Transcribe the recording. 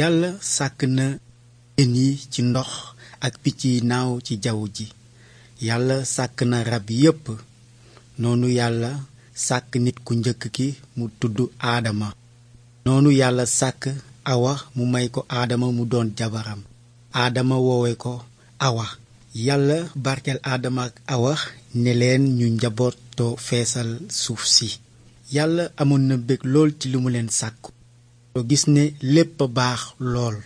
yàlla sàkk na jën yi ci ndox ak picc yi naaw ci jaww ji yàlla sàkk na rab yépp noonu yàlla sàkk nit ku njëkk ki mu tudd aadama noonu yàlla sàkk awa mu may ko aadama mu doon jabaram aadama woowe ko awa yàlla barkeel aadama ak awa ne leen ñu njabootoo feesal suuf si yàlla amoon na bég lool ci li mu leen sàkku gis ne lépp baax lool